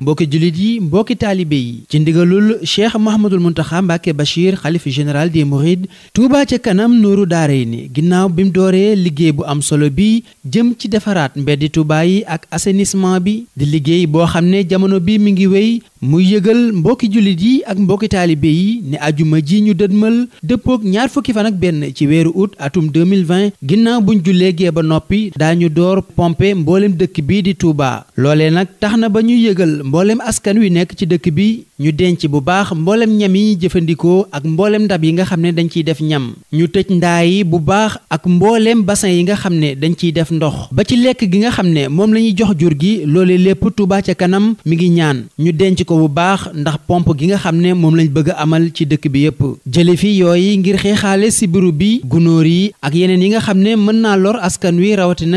mbokki jullit yi mbokki taalibe yi ci ndigalul cheikh Mouhamadul Mountakha Mbacké Bachir xalifa général des Mourides Touba ca kanam nooru daare ni ginnaaw bi mu dooree liggéey bu am solo bi jëm ci defaraat mbeddi Touba yi ak assainissement bi di liggéey boo xam ne jamono bi mi ngi wéy muy yëgal mbokki jullit yi ak mbokki taalibe yi ne ajuma ji ñu dëdmal dëppook ñaar fukki fan ak benn ci weeru août atum 2020 ginnaaw buñ jullee gee ba noppi daañu door pompe mboolem dëkk bii di Touba loolee nag tax na ba ñu yëgal mboolem askan wi nekk ci dëkk bi ñu denc bu baax mboolem ñam yi jëfandikoo ak mboolem ndab yi nga xam ne dañ ciy def ñam ñu tëj ndaa yi bu baax ak mboolem bassin yi nga xam ne dañ ciy def ndox ba ci lekk gi nga xam ne moom la ñuy jox jur gi loole lépp Touba ca kanam mu ngi ñaan ñu denc ko bu baax ndax pomp gi nga xam ne moom lañ bëgg a amal ci dëkk bi yépp jële fi yooyu ngir xeexaale sibiru bi gunóor yi ak yeneen yi nga xam ne mën naa lor askan wi rawatina